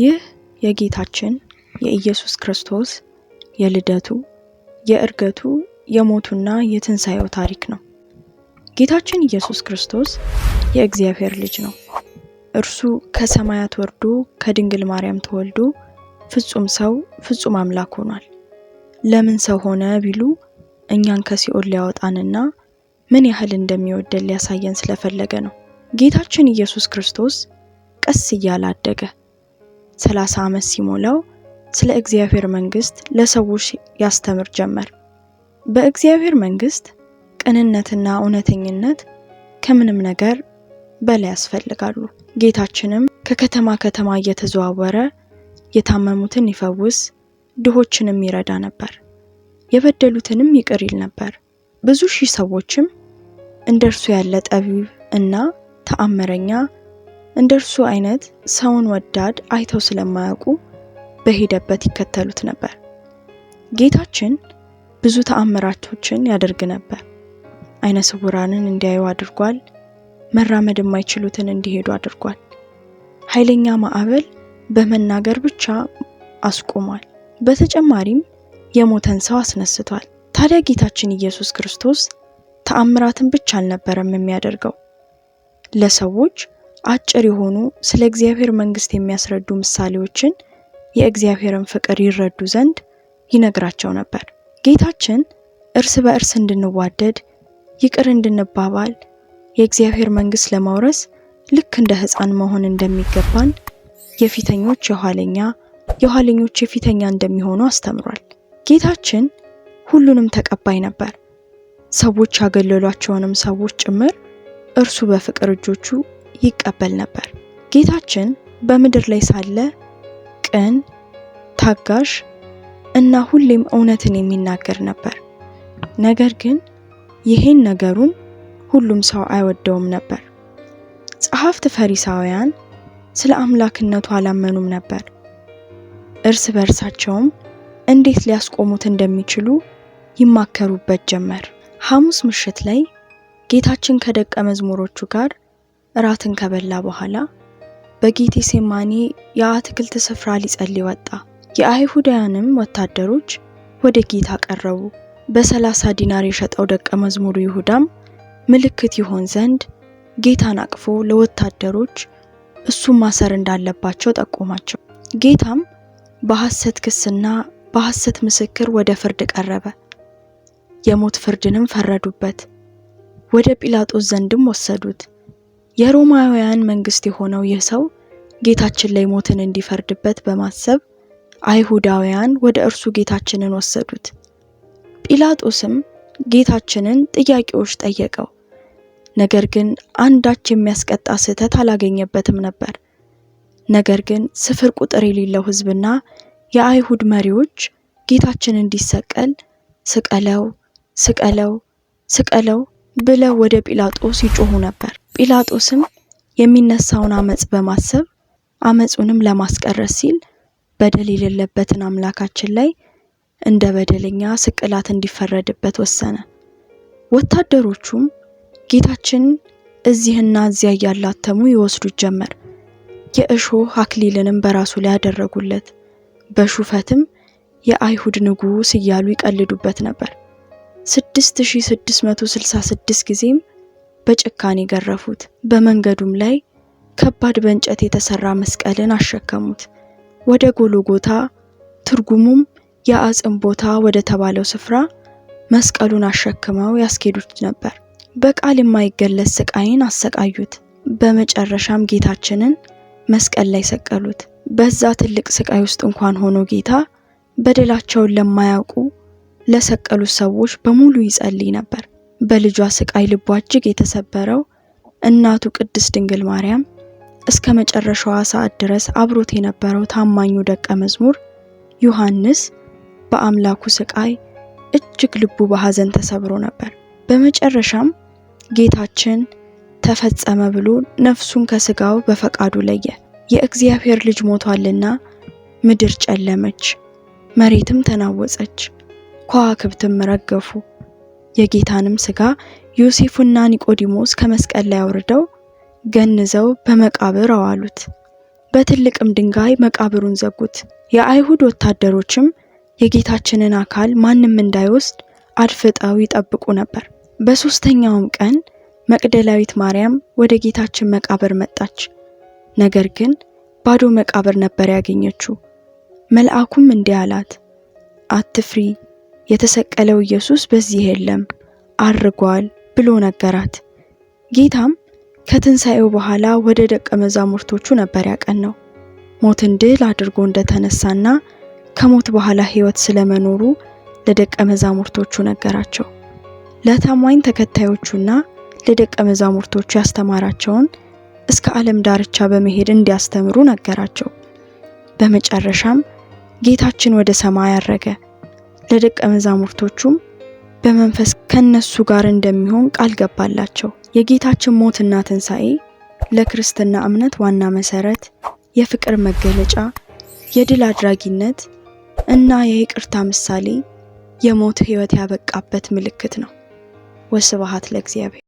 ይህ የጌታችን የኢየሱስ ክርስቶስ የልደቱ፣ የእርገቱ የሞቱና የትንሣኤው ታሪክ ነው። ጌታችን ኢየሱስ ክርስቶስ የእግዚአብሔር ልጅ ነው። እርሱ ከሰማያት ወርዶ ከድንግል ማርያም ተወልዶ ፍጹም ሰው፣ ፍጹም አምላክ ሆኗል። ለምን ሰው ሆነ ቢሉ እኛን ከሲኦል ሊያወጣንና ምን ያህል እንደሚወደን ሊያሳየን ስለፈለገ ነው። ጌታችን ኢየሱስ ክርስቶስ ቀስ እያለ አደገ። ሰላሳ ዓመት ሲሞላው ስለ እግዚአብሔር መንግስት ለሰዎች ያስተምር ጀመር። በእግዚአብሔር መንግስት ቅንነትና እውነተኝነት ከምንም ነገር በላይ ያስፈልጋሉ። ጌታችንም ከከተማ ከተማ እየተዘዋወረ የታመሙትን ይፈውስ፣ ድሆችንም ይረዳ ነበር። የበደሉትንም ይቅር ይል ነበር። ብዙ ሺህ ሰዎችም እንደ እርሱ ያለ ጠቢብ እና ተአምረኛ እንደ እርሱ አይነት ሰውን ወዳድ አይተው ስለማያውቁ በሄደበት ይከተሉት ነበር። ጌታችን ብዙ ተአምራቶችን ያደርግ ነበር። አይነ ስውራንን እንዲያዩ አድርጓል። መራመድ የማይችሉትን እንዲሄዱ አድርጓል። ኃይለኛ ማዕበል በመናገር ብቻ አስቆሟል። በተጨማሪም የሞተን ሰው አስነስቷል። ታዲያ ጌታችን ኢየሱስ ክርስቶስ ተአምራትን ብቻ አልነበረም የሚያደርገው ለሰዎች አጭር የሆኑ ስለ እግዚአብሔር መንግስት የሚያስረዱ ምሳሌዎችን የእግዚአብሔርን ፍቅር ይረዱ ዘንድ ይነግራቸው ነበር። ጌታችን እርስ በእርስ እንድንዋደድ፣ ይቅር እንድንባባል፣ የእግዚአብሔር መንግስት ለማውረስ ልክ እንደ ህፃን መሆን እንደሚገባን የፊተኞች የኋለኛ የኋለኞች የፊተኛ እንደሚሆኑ አስተምሯል። ጌታችን ሁሉንም ተቀባይ ነበር። ሰዎች ያገለሏቸውንም ሰዎች ጭምር እርሱ በፍቅር እጆቹ ይቀበል ነበር። ጌታችን በምድር ላይ ሳለ ቅን፣ ታጋሽ እና ሁሌም እውነትን የሚናገር ነበር። ነገር ግን ይሄን ነገሩን ሁሉም ሰው አይወደውም ነበር። ጸሐፍት ፈሪሳውያን ስለ አምላክነቱ አላመኑም ነበር። እርስ በእርሳቸውም እንዴት ሊያስቆሙት እንደሚችሉ ይማከሩበት ጀመር። ሐሙስ ምሽት ላይ ጌታችን ከደቀ መዝሙሮቹ ጋር እራትን ከበላ በኋላ ሴማኒ የአትክልት ስፍራ ሊጸልይ ወጣ። የአይሁዳውያንም ወታደሮች ወደ ጌታ ቀረቡ። በሰላሳ ዲናር የሸጠው ደቀ መዝሙሩ ይሁዳም ምልክት ይሆን ዘንድ ጌታን አቅፎ ለወታደሮች እሱም ማሰር እንዳለባቸው ጠቆማቸው። ጌታም በሐሰት ክስና በሐሰት ምስክር ወደ ፍርድ ቀረበ። የሞት ፍርድንም ፈረዱበት። ወደ ጲላጦስ ዘንድም ወሰዱት። የሮማውያን መንግስት የሆነው ይህ ሰው ጌታችን ላይ ሞትን እንዲፈርድበት በማሰብ አይሁዳውያን ወደ እርሱ ጌታችንን ወሰዱት። ጲላጦስም ጌታችንን ጥያቄዎች ጠየቀው። ነገር ግን አንዳች የሚያስቀጣ ስህተት አላገኘበትም ነበር። ነገር ግን ስፍር ቁጥር የሌለው ሕዝብና የአይሁድ መሪዎች ጌታችን እንዲሰቀል ስቀለው፣ ስቀለው፣ ስቀለው ብለው ወደ ጲላጦስ ይጮሁ ነበር። ጲላጦስም የሚነሳውን አመፅ በማሰብ አመፁንም ለማስቀረት ሲል በደል የሌለበትን አምላካችን ላይ እንደ በደለኛ ስቅላት እንዲፈረድበት ወሰነ። ወታደሮቹም ጌታችን እዚህና እዚያ እያላተሙ ይወስዱት ጀመር። የእሾህ አክሊልንም በራሱ ላይ ያደረጉለት፣ በሹፈትም የአይሁድ ንጉሥ እያሉ ይቀልዱበት ነበር። 6666 ጊዜም በጭካኔ ገረፉት። በመንገዱም ላይ ከባድ በእንጨት የተሰራ መስቀልን አሸከሙት ወደ ጎሎጎታ ትርጉሙም የአጽም ቦታ ወደ ተባለው ስፍራ መስቀሉን አሸክመው ያስኬዱት ነበር። በቃል የማይገለጽ ስቃይን አሰቃዩት። በመጨረሻም ጌታችንን መስቀል ላይ ሰቀሉት። በዛ ትልቅ ስቃይ ውስጥ እንኳን ሆኖ ጌታ በደላቸውን ለማያውቁ ለሰቀሉት ሰዎች በሙሉ ይጸልይ ነበር። በልጇ ስቃይ ልቧ እጅግ የተሰበረው እናቱ ቅድስት ድንግል ማርያም እስከ መጨረሻዋ ሰዓት ድረስ አብሮት የነበረው ታማኙ ደቀ መዝሙር ዮሐንስ በአምላኩ ስቃይ እጅግ ልቡ በሐዘን ተሰብሮ ነበር። በመጨረሻም ጌታችን ተፈጸመ ብሎ ነፍሱን ከስጋው በፈቃዱ ለየ። የእግዚአብሔር ልጅ ሞቷልና ምድር ጨለመች፣ መሬትም ተናወጸች፣ ከዋክብትም ረገፉ። የጌታንም ስጋ ዮሴፍና ኒቆዲሞስ ከመስቀል ላይ አውርደው ገንዘው በመቃብር አዋሉት። በትልቅም ድንጋይ መቃብሩን ዘጉት። የአይሁድ ወታደሮችም የጌታችንን አካል ማንም እንዳይወስድ አድፍጠው ይጠብቁ ነበር። በሦስተኛውም ቀን መቅደላዊት ማርያም ወደ ጌታችን መቃብር መጣች። ነገር ግን ባዶ መቃብር ነበር ያገኘችው። መልአኩም እንዲህ አላት፣ አትፍሪ የተሰቀለው ኢየሱስ በዚህ የለም አርጓል ብሎ ነገራት። ጌታም ከትንሣኤው በኋላ ወደ ደቀ መዛሙርቶቹ ነበር ያቀነው። ሞትን ድል አድርጎ እንደተነሳና ከሞት በኋላ ሕይወት ስለመኖሩ ለደቀ መዛሙርቶቹ ነገራቸው። ለታማኝ ተከታዮቹና ለደቀ መዛሙርቶቹ ያስተማራቸውን እስከ ዓለም ዳርቻ በመሄድ እንዲያስተምሩ ነገራቸው። በመጨረሻም ጌታችን ወደ ሰማይ አረገ። ለደቀ መዛሙርቶቹም በመንፈስ ከነሱ ጋር እንደሚሆን ቃል ገባላቸው። የጌታችን ሞትና ትንሣኤ ለክርስትና እምነት ዋና መሰረት፣ የፍቅር መገለጫ፣ የድል አድራጊነት እና የይቅርታ ምሳሌ፣ የሞት ሕይወት ያበቃበት ምልክት ነው። ወስብሐት ለእግዚአብሔር።